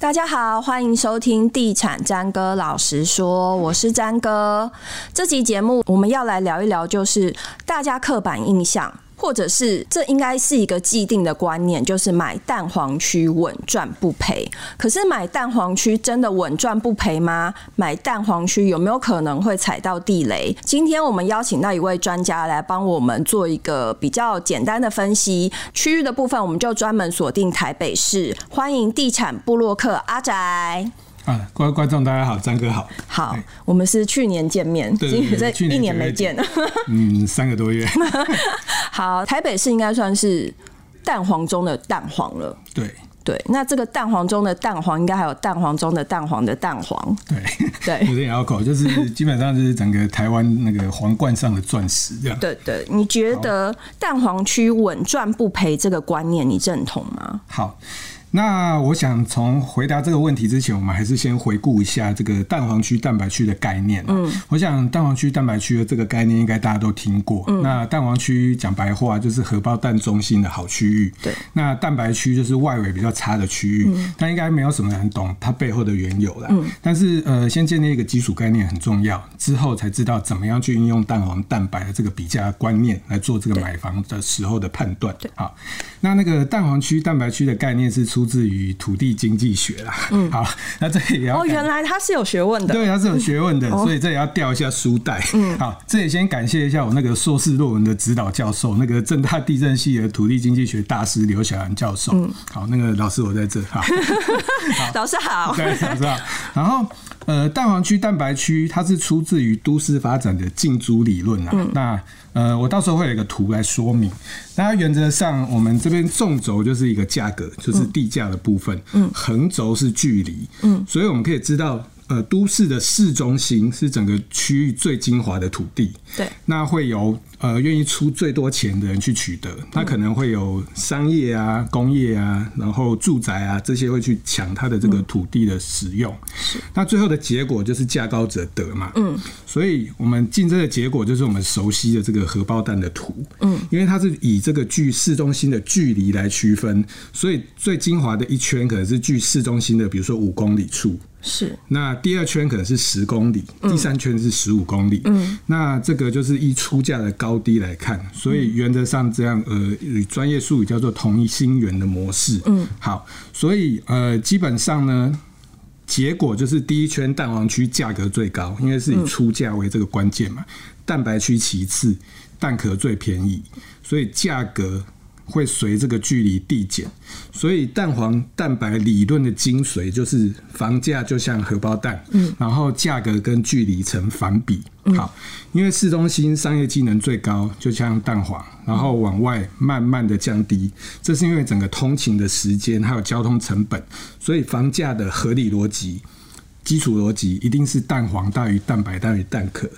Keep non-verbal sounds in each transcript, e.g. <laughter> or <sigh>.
大家好，歡迎收聽《地產詹哥老實說》，我是詹哥。這期節目我們要來聊一聊，就是大家刻板印象。或者是，這應該是一個既定的觀念，就是買蛋黃區穩賺不賠。可是買蛋黃區真的穩賺不賠嗎？買蛋黃區有沒有可能會踩到地雷？今天我們邀請到一位專家來幫我們做一個比較簡單的分析。區域的部分，我們就專門鎖定台北市，歡迎地產部落客阿宅。啊，觀觀眾大家好，詹哥好，好，我們是去年見面，對對對，一年沒見了，嗯，三個多月， <laughs> 好，台北市應該算是蛋黃中的蛋黃了，對對，那這個蛋黃中的蛋黃，應該還有蛋黃中的蛋黃的蛋黃，對對，我覺得也要搞，就是基本上就是整個台灣那個皇冠上的鑽石這樣，對,對對，你覺得蛋黃區穩賺不賠這個觀念你認同嗎？好。那我想從回答這個問題之前，我們還是先回顧一下這個蛋黃區、蛋白區的概念。嗯，我想蛋黃區、蛋白區的這個概念應該大家都聽過。嗯、那蛋黃區講白話就是荷包蛋中心的好區域。對。那蛋白區就是外圍比較差的區域。嗯。但應該沒有什麼人懂它背後的緣由了。嗯。但是呃，先建立一個基礎概念很重要，之後才知道怎麼樣去應用蛋黃、蛋白的這個比較觀念來做這個買房的時候的判斷。對。好。那那個蛋黃區、蛋白區的概念是。出自於土地經濟學啦，嗯、好，那這也要、哦、原來他是有學問的，對，他是有學問的，嗯、所以這也要掉一下書袋，嗯，好，這也先感謝一下我那個碩士論文的指導教授，那個政大地政系的土地經濟學大師劉小蘭教授、嗯，好，那個老師我在這哈，老 <laughs> 師好，老 <laughs> 好 <laughs> 師，okay, 師好，然後。呃，蛋黃區、蛋白區，它是出自於都市發展的競租理論啊。嗯、那呃，我到時候會有一個圖來說明。那它原則上，我們這邊縱軸就是一個價格，就是地價的部分；橫、嗯、軸是距離、嗯。所以我們可以知道。呃，都市的市中心是整個區域最精華的土地，對，那會由呃願意出最多錢的人去取得、嗯，那可能會有商業啊、工業啊，然後住宅啊這些會去搶它的這個土地的使用。是、嗯，那最後的結果就是價高者得嘛，嗯，所以我們競爭的結果就是我們熟悉的這個荷包蛋的圖。嗯，因為它是以這個距市中心的距離來區分，所以最精華的一圈可能是距市中心的，比如說五公里處。是，那第二圈可能是十公里，第三圈是十五公里，嗯。嗯，那這個就是以出價的高低來看，所以原則上這樣呃，專業術語叫做同心圓的模式。嗯，好，所以呃，基本上呢，結果就是第一圈蛋黃區價格最高，因為是以出價為這個關鍵嘛。蛋白區其次，蛋殼最便宜，所以價格。會隨這個距離遞減，所以蛋黃蛋白理論的精髓就是房價就像荷包蛋，嗯，然後價格跟距離成反比，嗯，好，因為市中心商業機能最高，就像蛋黃，然後往外慢慢的降低，嗯，這是因為整個通勤的時間還有交通成本，所以房價的合理邏輯、基礎邏輯一定是蛋黃大於蛋白大於蛋殼。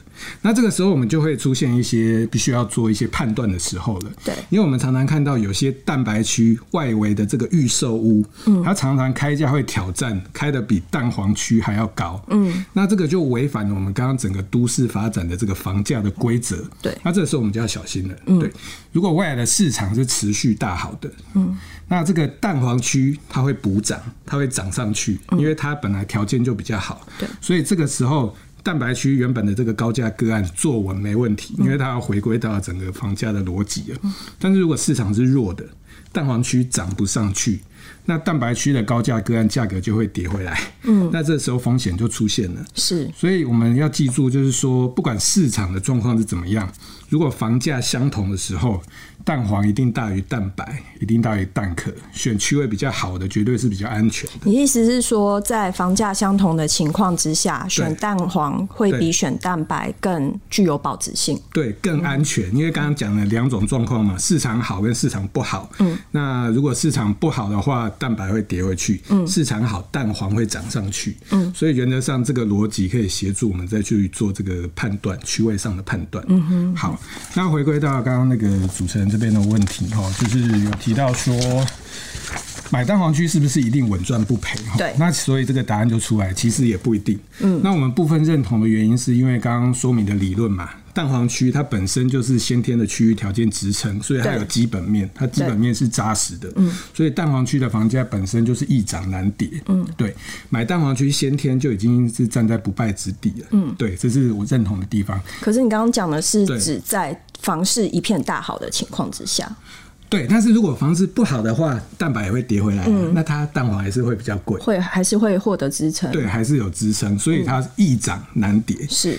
那這個時候，我們就會出現一些必須要做一些判斷的時候了。對，因為我們常常看到有些蛋白區外圍的這個預售屋，嗯，它常常開價會挑戰開得比蛋黃區還要高，嗯，那這個就違反了我們剛剛整個都市發展的這個房價的規則。對，那這個時候我們就要小心了，嗯。對，如果未來的市場是持續大好的，嗯，那這個蛋黃區它會補漲，它會漲上去，嗯，因為它本來條件就比較好。對，所以這個時候。蛋白區原本的這個高價個案做穩沒問題，因為它要回歸到整個房價的邏輯了。但是如果市場是弱的。蛋黃區漲不上去，那蛋白區的高價個案價格就會跌回來。嗯，那這時候風險就出現了。是，所以我們要記住，就是說，不管市場的狀況是怎麼樣，如果房價相同的時候，蛋黃一定大於蛋白，一定大於蛋殼。選區位比較好的，絕對是比較安全的。你意思是說，在房價相同的情況之下，選蛋黃會比選蛋白更具有保值性？對，對，更安全。嗯，因為剛剛講了兩種狀況嘛，嗯，市場好跟市場不好。嗯。那如果市場不好的話，蛋白會跌回去；嗯、市場好，蛋黃會漲上去。嗯，所以原則上這個邏輯可以協助我們再去做這個判斷、區位上的判斷。嗯哼。好，那回歸到剛剛那個主持人這邊的問題哦，就是有提到說買蛋黃區是不是一定穩賺不賠？對。那所以這個答案就出來，其實也不一定。嗯。那我們部分認同的原因，是因為剛剛說明的理論嘛。蛋黃區它本身就是先天的區域條件支撐，所以它有基本面，它基本面是扎實的，嗯，所以蛋黃區的房價本身就是易漲難跌。嗯，對，買蛋黃區先天就已經是站在不敗之地了。嗯，對，這是我認同的地方。可是你剛剛講的是指在房市一片大好的情況之下，對，對。但是如果房市不好的話，蛋白也會跌回來，嗯，那它蛋黃還是會比較貴，會還是會獲得支撐，對，還是有支撐，所以它易漲難跌。嗯、是。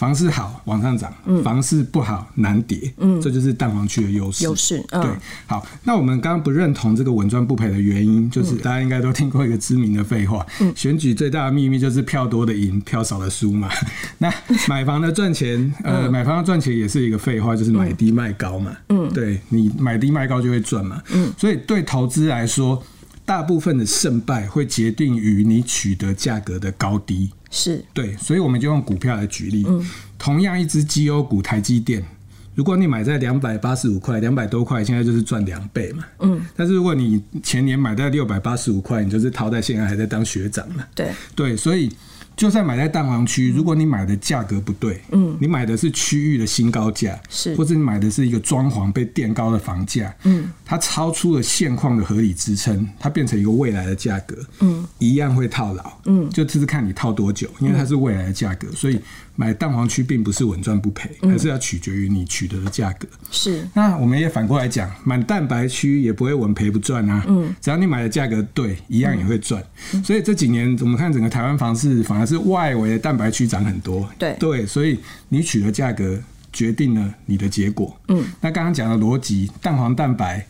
房市好往上漲，嗯，房市不好難跌，嗯，這就是蛋黃區的優勢。優勢、uh, 對。好，那我們剛剛不認同這個穩賺不賠的原因、嗯，就是大家應該都聽過一個知名的廢話、嗯，選舉最大的祕密就是票多的贏，票少的輸嘛。嗯、 <laughs> 那買房的賺錢，嗯、呃，買房要賺錢也是一個廢話，就是買低賣高嘛。嗯，對你買低賣高就會賺嘛。嗯，所以對投資來說，大部分的勝敗會決定於你取得價格的高低，是，對，所以我們就用股票來舉例。嗯，同樣一支績優股台積電，如果你買在兩百八十五塊，兩百多塊，現在就是賺兩倍嘛。嗯，但是如果你前年買在六百八十五塊，你就是淘汰，現在還在當學長嘛。對對，所以。就算買在蛋黃區，如果你買的價格不對，嗯，你買的是區域的新高價，是，或是你買的是一個裝潢被墊高的房價，嗯，它超出了現況的合理支撐，它變成一個未來的價格，嗯，一樣會套牢，嗯，就只是看你套多久，因為它是未來的價格，嗯，所以。買蛋黃區並不是穩賺不賠，還是要取決於你取得的價格。是、嗯。那我們也反過來講，買蛋白區也不會穩賠不賺啊。嗯。只要你買的價格對，一樣也會賺、嗯。所以這幾年我們看整個台灣房市，反而是外圍的蛋白區漲很多。對。對，所以你取得價格決定了你的結果。嗯。那剛剛講的邏輯，蛋黃蛋白。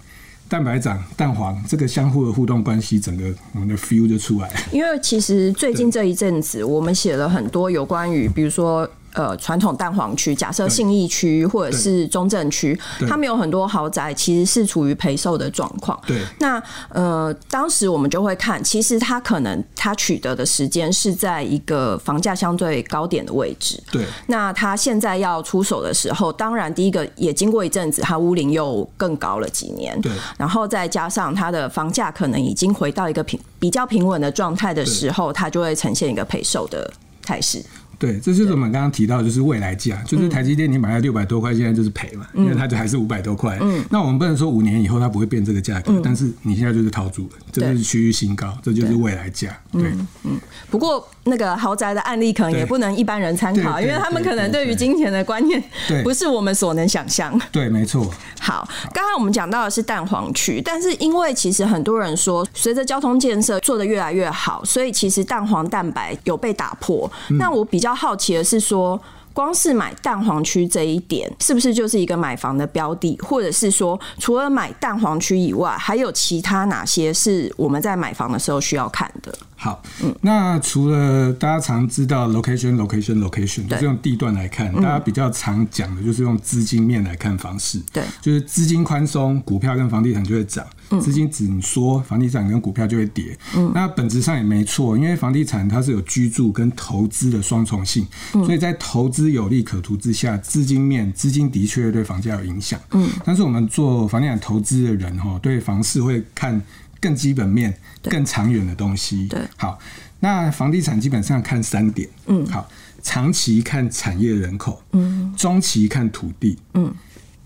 蛋白長蛋黃，這個相互的互動關係，整個我們的 feel 就出來了。因為其實最近這一陣子，我們寫了很多有關於，比如說。呃，傳統蛋黃區，假設信義區或者是中正區，他們有很多豪宅，其實是處於賠售的狀況。對。那呃，當時我們就會看，其實他可能他取得的時間是在一個房價相對高點的位置。對。那他現在要出手的時候，當然第一個也經過一陣子，他屋齡又更高了幾年。對。然後再加上他的房價可能已經回到一個平比較平穩的狀態的時候，他就會呈現一個賠售的態勢。對，這就是我們剛剛提到，就是未來價，就是台積電你買了六百多塊，現在就是賠嘛、嗯，因為它就還是五百多塊、嗯。那我們不能說五年以後它不會變這個價格、嗯，但是你現在就是套住，這就是區域新高，這就是未來價。對，嗯，嗯，不過。那個豪宅的案例可能也不能一般人參考，因為他們可能對於金錢的觀念，不是我們所能想象。對，沒錯。好，剛剛我們講到的是蛋黃區，但是因為其實很多人說，隨着交通建設做得越來越好，所以其實蛋黃蛋白有被打破。那、嗯、我比較好奇的是說，說光是買蛋黃區這一點，是不是就是一個買房的標的？或者是說，除了買蛋黃區以外，還有其他哪些是我們在買房的時候需要看的？好，那除了大家常知道 location location location，就是用地段來看，嗯、大家比較常講的就是用資金面來看房市，對，就是資金寬鬆，股票跟房地產就會漲；嗯、資金緊縮，房地產跟股票就會跌。嗯，那本質上也沒錯，因為房地產它是有居住跟投資的雙重性、嗯，所以在投資有利可圖之下，資金面資金的確對房價有影響。嗯，但是我們做房地產投資的人哈，對房市會看。更基本面、更長遠的東西。對，好，那房地產基本上看三點。嗯，好，長期看產業人口，嗯，中期看土地，嗯，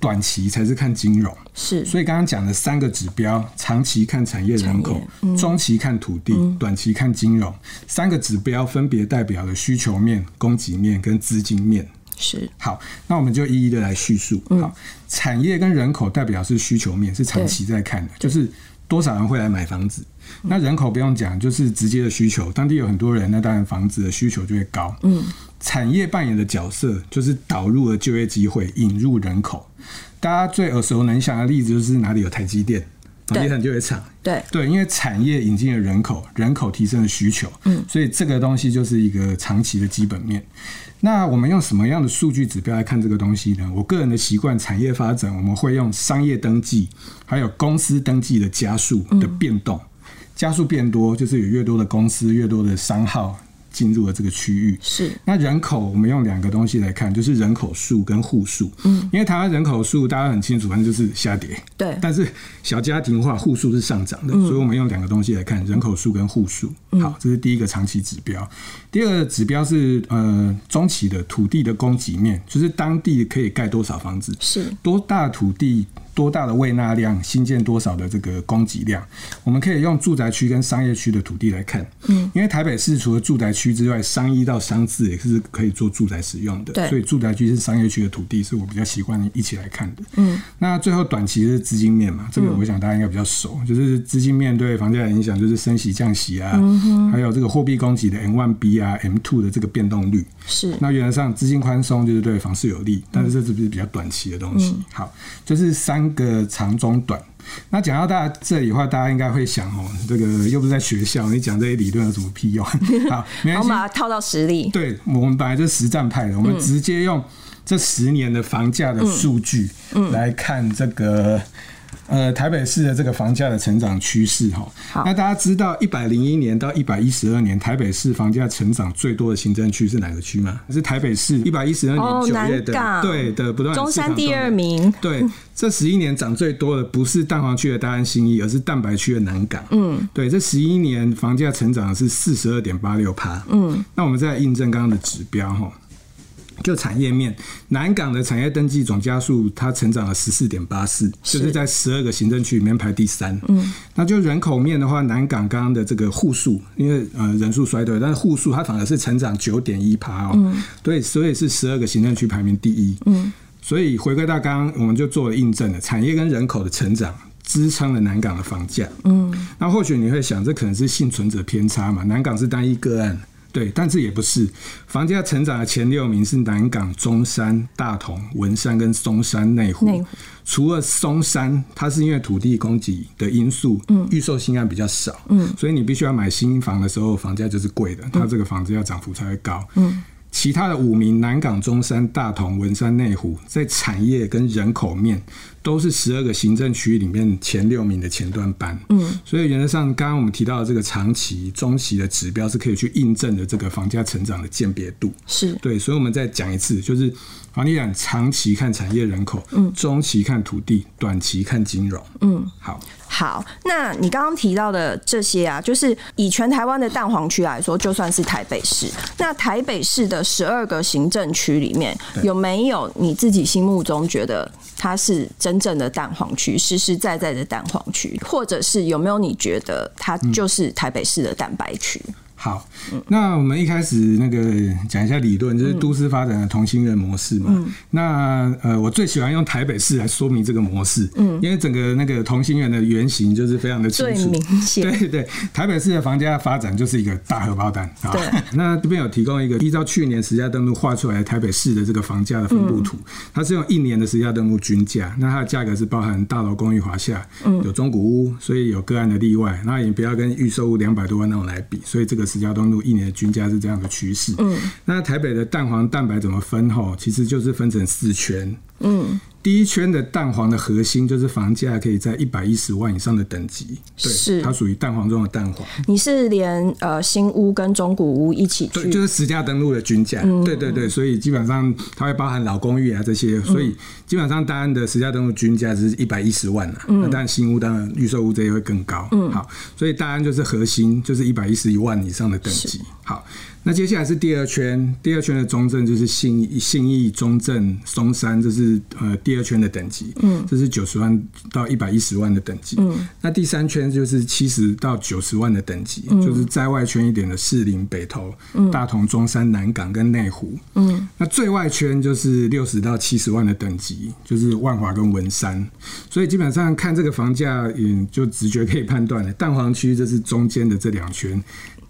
短期才是看金融。是，所以剛剛講的三個指標，長期看產業人口，嗯，中期看土地，嗯，短期看金融，三個指標分別代表了需求面、供給面跟資金面。是，好，那我們就一一的來敘述，嗯。好，產業跟人口代表是需求面，是長期在看的，就是。多少人會來買房子？那人口不用講，就是直接的需求。當地有很多人，那當然房子的需求就會高。嗯，產業扮演的角色就是導入了就業機會，引入人口。大家最耳熟能詳的例子就是哪裡有台積電，房地產就會差，對對，因為產業引進了人口，人口提升了需求，嗯，所以這個東西就是一個長期的基本面。那我們用什麼樣的數據指標來看這個東西呢？我個人的習慣，產業發展我們會用商業登記，還有公司登記的加速的變動，嗯、加速變多就是有越多的公司，越多的商號。進入了這個區域，是那，人口，我們用兩個東西來看，就是人口數跟戶數。嗯，因為台灣人口數大家很清楚，反正就是下跌。對，但是小家庭的話，戶數是上漲的，嗯，所以我們用兩個東西來看人口數跟戶數。好，這是第一個長期指標。嗯、第二個指標是呃中期的土地的供給面，就是當地可以蓋多少房子，是多大土地。多大的胃納量，新建多少的這個供給量，我們可以用住宅區跟商業區的土地來看。嗯，因為台北市除了住宅區之外，商一到商四也是可以做住宅使用的。對，所以住宅區是商業區的土地，是我比較習慣一起來看的。嗯，那最後短期是資金面嘛，這個我想大家應該比較熟，嗯、就是資金面對房價的影響，就是升息、降息啊、嗯，還有這個貨幣供給的 M1B 啊、M2 的這個變動率。是，那原則上資金寬鬆就是對房市有利，嗯、但是這只是比較短期的東西。嗯、好，就是三。個長中短，那講到大家這裡的話，大家應該會想哦，這個又不是在學校，你講這些理論有什麼屁用？好，沒關係， <laughs> 我們把它套到實例。對，我們本來是實戰派的，我們直接用這十年的房價的數據來看這個。呃，台北市的這個房價的成長趨勢，哈，那大家知道，一百零一年到一百一十二年，台北市房價成長最多的行政區是哪個區嗎？是台北市一百一十二年九月的、哦南港，對的，不斷。中山第二名。對，這十一年漲最多的不是蛋黃區的大安信義，而是蛋白區的南港。嗯，對，這十一年房價成長是四十二點八六趴。嗯，那我們再印證剛剛的指標，哈。就產業面，南港的產業登記總家數，它成長了十四點八四，就是在十二個行政區裡面排第三。嗯，那就人口面的話，南港剛剛的這個戶數，因為呃人數衰退，但是戶數它反而是成長九點一趴哦、嗯。對，所以是十二個行政區排名第一。嗯，所以回歸到剛剛，我們就做了印證了，產業跟人口的成長支撐了南港的房價。嗯，那或許你會想，這可能是倖存者偏差嘛？南港是單一個案。對，但是也不是，房價成長的前六名是南港、中山、大同、文山跟松山內湖，內湖。除了松山，它是因為土地供給的因素，嗯，預售新案比較少，嗯，所以你必須要買新房的時候，房價就是貴的，嗯，它這個房子要漲幅才會高，嗯。其他的五名南港、中山、大同、文山、內湖，在產業跟人口面都是十二個行政區域裡面前六名的前段班。嗯，所以原則上，剛剛我們提到的這個長期、中期的指標，是可以去印證的這個房價成長的鑑別度。是對，所以我們再講一次，就是房地產長期看產業人口，嗯，中期看土地，短期看金融。嗯，好。好，那你剛剛提到的這些啊，就是以全台灣的蛋黃區來說，就算是台北市，那台北市的十二個行政區裡面，有沒有你自己心目中覺得它是真正的蛋黃區，實實在在在的蛋黃區，或者是有沒有你覺得它就是台北市的蛋白區？嗯好，那我們一開始那個講一下理論，就是都市發展的同心圓模式嘛。嗯、那呃，我最喜歡用台北市來說明這個模式，嗯，因為整個那個同心圓的原型就是非常的清楚，明顯。對對，台北市的房價發展就是一個大荷包蛋。 <laughs> 那這邊有提供一個依照去年實價登錄畫出來的台北市的這個房價的分佈圖，嗯，它是用一年的實價登錄均價，那它的價格是包含大樓公寓、華廈，嗯，有中古屋，所以有個案的例外，那也不要跟預售屋兩百多萬那種來比，所以這個是。石家東路一年的均價是這樣的趨勢。嗯，那台北的蛋黃蛋白怎麼分？齁，其實就是分成四圈。嗯。第一圈的蛋黃的核心就是房價可以在一百一十萬以上的等級，是對，它屬於蛋黃中的蛋黃。你是連呃新屋跟中古屋一起去，對，就是實價登錄的均價，嗯，對對對，所以基本上它會包含老公寓啊這些，所以基本上大安的實價登錄均價是一百一十萬了，啊嗯，那當然新屋當然預售屋這些會更高，嗯，好，所以大安就是核心，就是一百一十一萬以上的等級，好。那接下來是第二圈，第二圈的中正就是信信義中正，松山，這是呃第二圈的等級，嗯，這是九十萬到一百一十萬的等級，嗯，那第三圈就是七十到九十萬的等級，嗯，就是在外圈一點的士林、北投，嗯，大同、中山、南港跟內湖，嗯，那最外圈就是六十到七十萬的等級，就是萬華跟文山，所以基本上看這個房價，嗯，就直覺可以判斷了，欸，蛋黃區就是中間的這兩圈。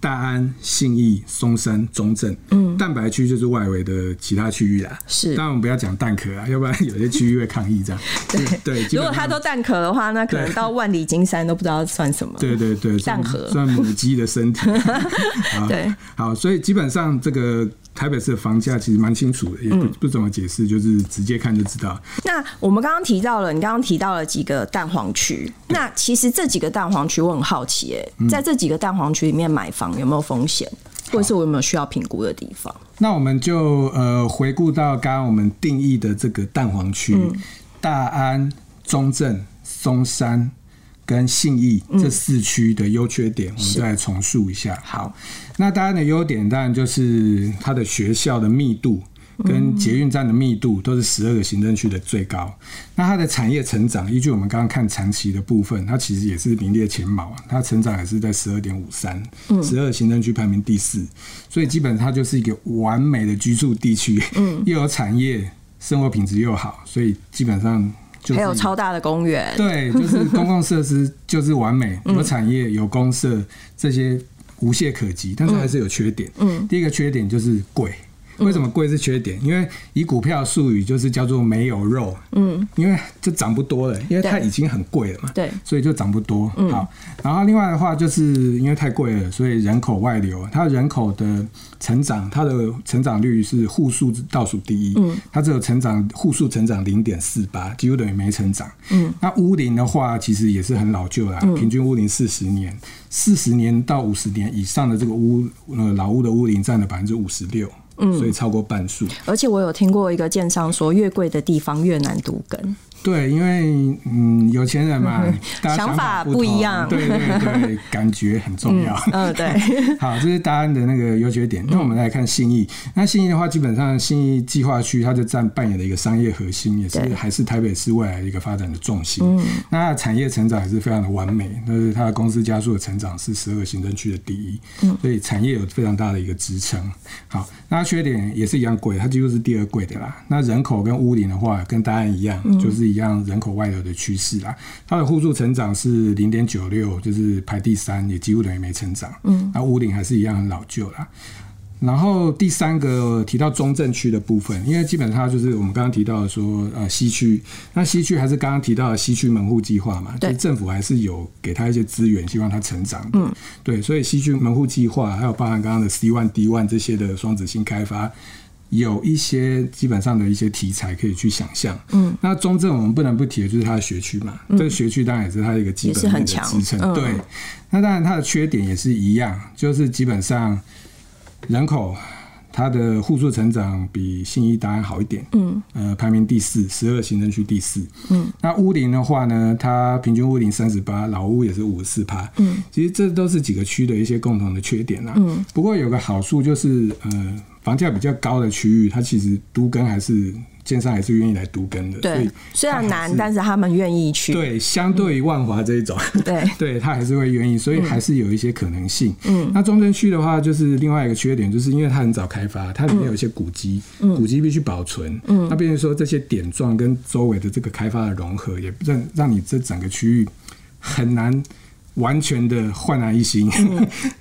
大安、信義、松山、中正，嗯，蛋白區就是外圍的其他區域啦。是、嗯，當然我們不要講蛋殼啊，要不然有些區域會抗議這樣。 <laughs> 對對，對，如果他都蛋殼的話，那可能到萬里金山都不知道算什麼。對對對，蛋殼算，算母雞的身體。 <laughs> <laughs> 對，好，所以基本上這個。台北市的房價其實蠻清楚的，也不不怎麼解釋、嗯，就是直接看就知道。那我們剛剛提到了，你剛剛提到了幾個蛋黃區。那其實這幾個蛋黃區，我很好奇、欸，耶、嗯，在這幾個蛋黃區裡面買房有沒有風險、嗯，或者是我有沒有需要評估的地方？那我們就呃回顧到剛剛我們定義的這個蛋黃區、嗯：大安、中正、松山。跟信義這四區的優缺點，我們再來重述一下。嗯、好，那大家的優點當然就是它的學校的密度跟捷運站的密度都是十二個行政區的最高、嗯。那它的產業成長，依據我們剛剛看長期的部分，它其實也是名列前茅，它成長也是在十二點五三，十二行政區排名第四，嗯、所以基本上它就是一個完美的居住地區，又有產業，生活品質又好，所以基本上。就是、還有超大的公園，對，就是公共設施就是完美， <laughs> 有產業有公設這些無懈可擊、嗯，但是還是有缺點。嗯，第一個缺點就是貴。為什麼貴是缺點？嗯，因為以股票術語就是叫做沒有肉。嗯，因為就漲不多了，因為它已經很貴了嘛。對，所以就漲不多。嗯，好，然後另外的話，就是因為太貴了，所以人口外流。它人口的成長，它的成長率是戶數倒數第一。嗯，它只有成長戶數成長零點四八，幾乎等於沒成長。嗯，那屋齡的話，其實也是很老舊啦啊。嗯，平均屋齡四十年，四十年到五十年以上的這個屋，呃，那個，老屋的屋齡占了百分之五十六。所以超過半數、嗯，而且我有聽過一個建商說，越貴的地方越難讀根。對，因為嗯，有錢人嘛、嗯，想，想法不一樣。對對對，對， <laughs> 感覺很重要嗯。嗯，對。好，這是大安的那個優缺點。那我們來看信義、嗯。那信義的話，基本上信義計劃區，它就占扮演了一個商業核心，也是還是台北市未來的一個發展的重心。嗯、那產業成長也是非常的完美，那，就是它的公司加速的成長是十二行政區的第一。所以產業有非常大的一個支撐、嗯。好，那缺點也是一樣貴，它就是第二貴的啦。那人口跟屋齡的話，跟大安一樣，嗯、就是。一樣人口外流的趨勢啦，它的戶數成長是零點九六，就是排第三，也幾乎等於沒成長。嗯、那、啊、屋齡還是一樣很老舊啦。然後第三個提到中正區的部分，因為基本上它就是我們剛剛提到的說，呃、啊，西區，那西區還是剛剛提到的西區門戶計劃嘛，對，就是、政府還是有給他一些資源，希望他成長。嗯，對，所以西區門戶計劃還有包含剛剛的 C One D One 這些的雙子星開發。有一些基本上的一些題材可以去想象，嗯，那中正我們不能不提的就是它的學區嘛，嗯，這個學區當然也是它一個基本的支撐，對，嗯。那當然它的缺點也是一樣，就是基本上人口。它的戶數成長比信義大安好一點，嗯，呃，排名第四，十二行政區第四，嗯，那屋齡的話呢，它平均屋齡三十八，老屋也是五十四趴，嗯，其實這都是幾個區的一些共同的缺點啦，嗯，不過有個好處就是，呃，房價比較高的區域，它其實都更還是。建商還是願意來都更的，對，所以，雖然難，但是他們願意去。對，相對於萬華這一種，嗯、對，對他還是會願意，所以還是有一些可能性。嗯，那中正區的話，就是另外一個缺點，就是因為它很早開發，它裡面有一些古蹟、嗯，古蹟必須保存，嗯，那比如說這些點狀跟周圍的這個開發的融合，也讓讓你這整個區域很難。完全的煥然一新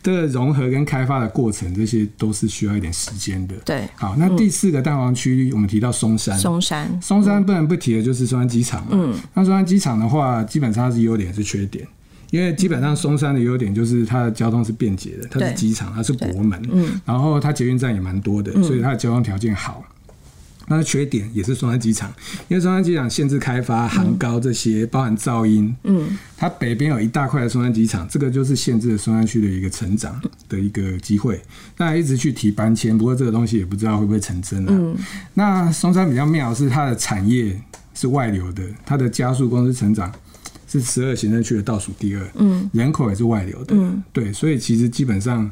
的融合跟開發的過程，這些都是需要一點時間的。對，好，那第四個蛋黃區，我們提到松山，松山，松山不能不提的就是松山機場嘛。嗯，那松山機場的話，基本上它是優點是缺點，因為基本上松山的優點就是它的交通是便捷的，它是機場，它是國門，嗯，然後它捷運站也蠻多的，所以它的交通條件好。那個缺點也是松山機場，因為松山機場限制開發、航高這些、嗯，包含噪音。嗯，它北邊有一大塊的松山機場，這個就是限制了松山區的一個成長的一個機會。那一直去提搬遷，不過這個東西也不知道會不會成真了、啊。嗯，那松山比較妙的是它的產業是外流的，它的加速公司成長是十二行政區的倒數第二。嗯，人口也是外流的。嗯，對，所以其實基本上，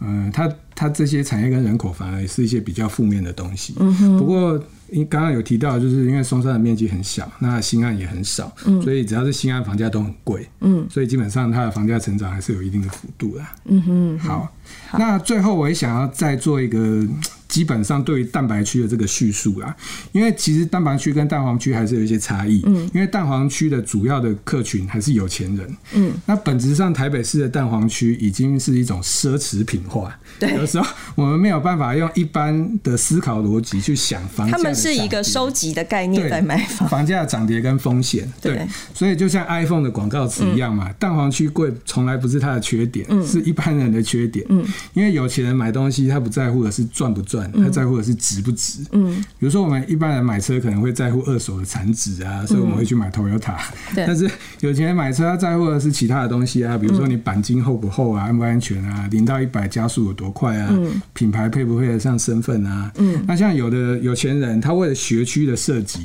嗯、呃，它。它這些產業跟人口反而是一些比較負面的東西。嗯哼。不過，因剛剛有提到，就是因為松山的面積很小，那新案也很少，所以只要是新案，房價都很貴，嗯，所以基本上它的房價成長還是有一定的幅度的。嗯哼。好，那最後我也想要再做一個基本上對於蛋白區的這個敘述啦。因為其實蛋白區跟蛋黃區還是有一些差異。嗯。因為蛋黃區的主要的客群還是有錢人。嗯。那本質上台北市的蛋黃區已經是一種奢侈品化。對。時候我們沒有辦法用一般的思考邏輯去想房價。他們是一個收集的概念在買房，房價漲跌跟風險。對，所以就像 iPhone 的廣告詞一樣嘛，蛋黃區貴從來不是它的缺點，是一般人的缺點。嗯。因為有錢人買東西，他不在乎的是賺不賺，他在乎的是值不值。嗯。比如說我們一般人買車可能會在乎二手的殘值啊，所以我們會去買 Toyota。對。但是有錢人買車他在乎的是其他的東西啊，比如說你鈑金厚不厚啊，安不安全啊，零到一百加速有多快。嗯、啊，品牌配不配得上身份啊？嗯，那像有的有錢人，他為了學區的設計，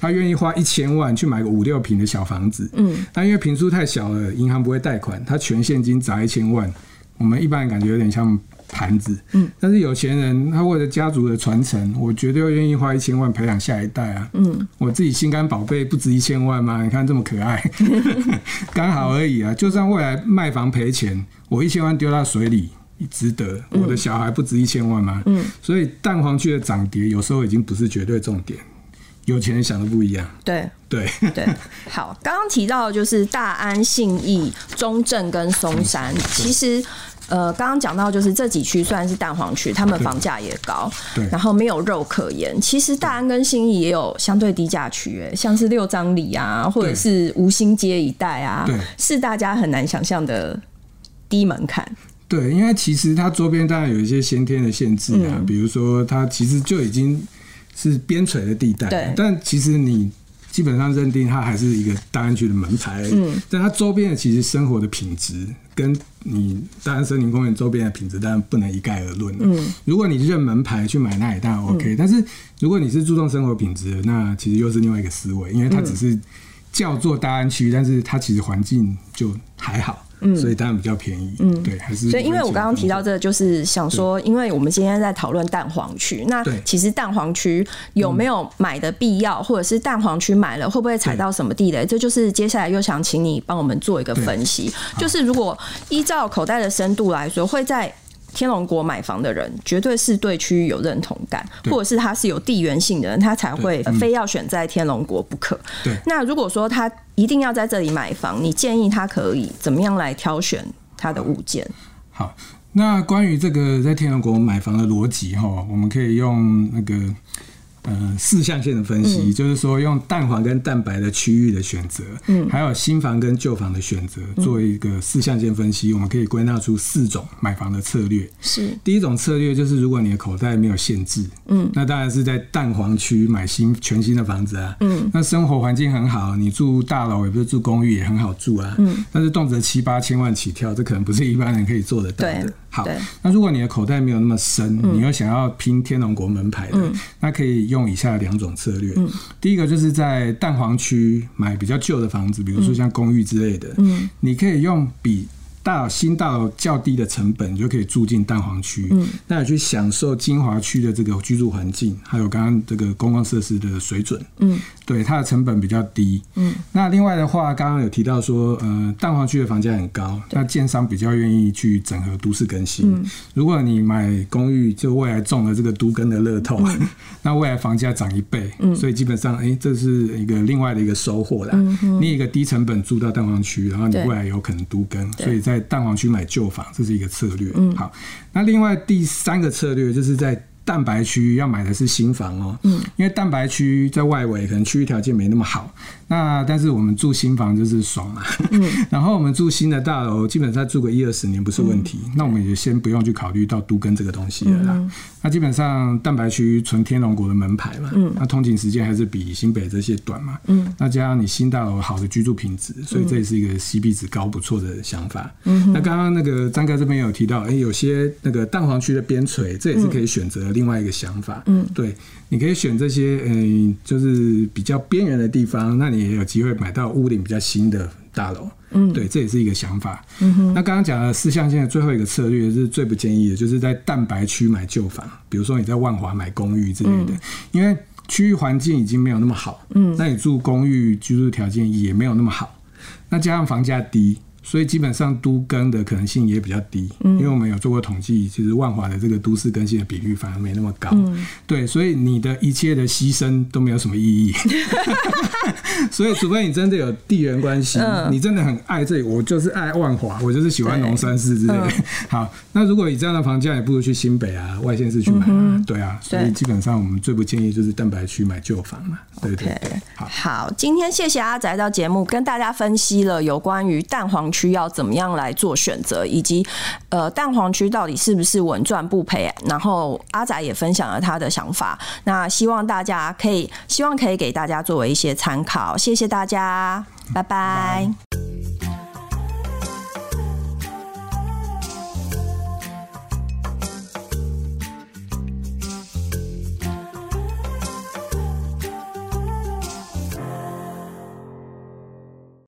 他願意花一千萬去買個五六坪的小房子。嗯，但因為坪數太小了，銀行不會貸款，他全現金砸一千萬。我們一般人感覺有點像盤子。嗯，但是有錢人他為了家族的傳承，我絕對會願意花一千萬培養下一代啊。嗯，我自己心肝寶貝不值一千萬嗎？你看這麼可愛，剛 <laughs> 好而已啊。就算未來賣房賠錢，我一千萬丟到水裡。值得我的小孩不值一千萬嗎、啊？嗯，所以蛋黃區的漲跌有時候已經不是絕對重點。有錢人想的不一樣。對對 <laughs> 對。好，剛剛提到就是大安、信義、中正跟松山，嗯、其實呃，剛剛講到就是這幾區雖然是蛋黃區，他們房價也高，對，然後沒有肉可言。其實大安跟信義也有相對低價區，哎，像是六張犁啊，或者是吳興街一帶啊，對，是大家很難想象的低門檻。對，因為其實它週邊當然有一些先天的限制啊，嗯、比如說它其實就已經是邊陲的地帶。但其實你基本上認定它還是一個大安區的門牌，嗯，但它週邊的其實生活的品質，跟你大安森林公園週邊的品質當然不能一概而論了、啊。嗯，如果你認門牌去買那也當然 OK，嗯、但是如果你是注重生活品質，那其實又是另外一個思維，因為它只是叫做大安區，但是它其實環境就還好。嗯，所以當然比較便宜。嗯，嗯對，還是所以因為我剛剛提到這，就是想說，因為我們今天在討論蛋黃區，那其實蛋黃區有沒有買的必要，或者是蛋黃區買了會不會踩到什麼地雷？這就是接下來又想請你幫我們做一個分析，就是如果依照口袋的深度來說，會在。天龍國買房的人，絕對是對區域有認同感，或者是他是有地緣性的人，他才會非要選在天龍國不可。對，嗯，那如果說他一定要在這裡買房，你建議他可以怎麼樣來挑選他的物件？好，那關於這個在天龍國買房的邏輯哈，我們可以用那個。呃，四象限的分析、嗯、就是說，用蛋黃跟蛋白的區域的選擇，嗯，還有新房跟舊房的選擇、嗯，做一個四象限分析，我們可以歸納出四種買房的策略。是，第一種策略就是，如果你的口袋沒有限制，嗯，那當然是在蛋黃區買新全新的房子啊，嗯，那生活環境很好，你住大樓也不是住公寓也很好住啊，嗯，但是動輒七八千萬起跳，這可能不是一般人可以做得到的。好，那如果你的口袋沒有那麼深，你又想要拼天龍國門牌的，嗯、那可以用以下兩種策略，嗯。第一個就是在蛋黃區買比較舊的房子，比如說像公寓之類的，嗯、你可以用比。新大新到較低的成本就可以住進蛋黃區，嗯，那去享受精華區的這個居住環境，還有剛剛這個公共設施的水準，嗯，對，它的成本比較低，嗯，那另外的話，剛剛有提到說，呃，蛋黃區的房價很高，那建商比較願意去整合都市更新。嗯、如果你買公寓，就未來中了這個都更的樂透，嗯、 <laughs> 那未來房價漲一倍，嗯，所以基本上，哎、欸，這是一個另外的一個收穫啦。嗯、你一個低成本住到蛋黃區，然後你未來有可能都更，所以在在蛋黃區買舊房，這是一個策略。嗯。好，那另外第三個策略就是在蛋白區要買的是新房哦，嗯，因為蛋白區在外圍，可能區域條件沒那麼好。那但是我們住新房就是爽嘛，嗯， <laughs> 然後我們住新的大樓，基本上住個一二十年不是問題，嗯，嗯、那我們也先不用去考慮到都更這個東西了啦，嗯。嗯、那基本上蛋白區純天龍國的門牌嘛，嗯，嗯、那通勤時間還是比新北這些短嘛，嗯。嗯、那加上你新大樓好的居住品質，所以這也是一個 CP 值高不錯的想法，嗯。嗯、那剛剛那個詹哥這邊有提到，哎，有些那個蛋黃區的邊陲，這也是可以選擇另外一個想法。嗯，嗯，對，你可以選這些，嗯，就是比較邊緣的地方，那你。也有機會買到屋頂比較新的大樓，嗯，對，這也是一個想法。嗯哼，那剛剛講的四象限的最後一個策略是最不建議的，就是在蛋白區買舊房，比如說你在萬華買公寓之類的，嗯，因為區域環境已經沒有那麼好，嗯，那你住公寓居住條件也沒有那麼好，那加上房價低。所以基本上都更的可能性也比較低，嗯，因為我們有做過統計，其實萬華的這個都市更新的比率反而沒那麼高，嗯，對，所以你的一切的犧牲都沒有什麼意義， <laughs> <laughs> 所以除非你真的有地緣關係、嗯，你真的很愛這裡，我就是愛萬華，我就是喜歡龍山寺之類的。的、嗯。好，那如果以這樣的房價，也不如去新北啊、外縣市去買。嗯，對啊，所以基本上我們最不建議就是蛋白區買舊房嘛，對對對，對好。好，今天謝謝阿宅到節目跟大家分析了有關於蛋黃區要怎麼樣來做選擇，以及呃蛋黃區到底是不是穩賺不賠，欸？然後阿宅也分享了他的想法，那希望大家可以，希望可以給大家作為一些參考。謝謝大家，嗯、拜拜。Bye.